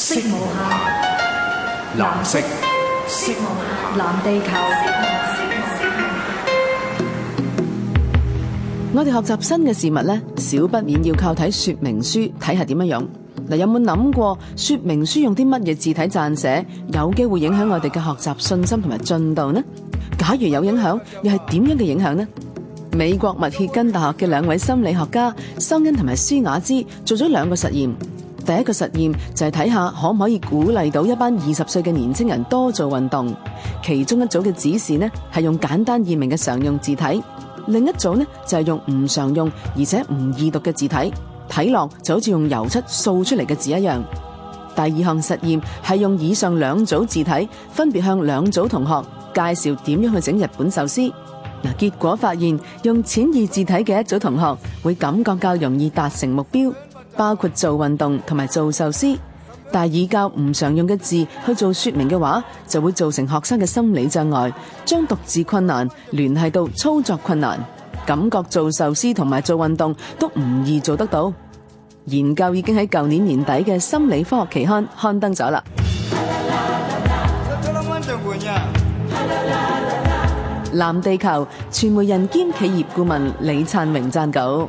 色無限，藍色。色無限，藍地球。我哋學習新嘅事物呢，少不免要靠睇說明書，睇下點樣用。嗱，有冇諗過說明書用啲乜嘢字體撰寫，有機會影響我哋嘅學習信心同埋進度呢？假如有影響，又係點樣嘅影響呢？美國密歇根大學嘅兩位心理學家桑恩同埋舒雅芝做咗兩個實驗。第一個實驗就係睇下可唔可以鼓勵到一班二十歲嘅年輕人多做運動，其中一組嘅指示呢係用簡單易明嘅常用字體，另一組呢就係用唔常用而且唔易讀嘅字體，睇落就好似用油漆掃出嚟嘅字一樣。第二項實驗係用以上兩組字體分別向兩組同學介紹點樣去整日本壽司，結果發現用淺易字體嘅一組同學會感覺較容易達成目標，包括做運動同埋做壽司，但係以較唔常用嘅字去做說明嘅話，就會造成學生嘅心理障礙，將讀字困難聯繫到操作困難，感覺做壽司同埋做運動都唔易做得到。研究已經喺舊年年底嘅心理科學期刊刊登咗啦。藍地球傳媒人兼企業顧問李燦榮撰稿。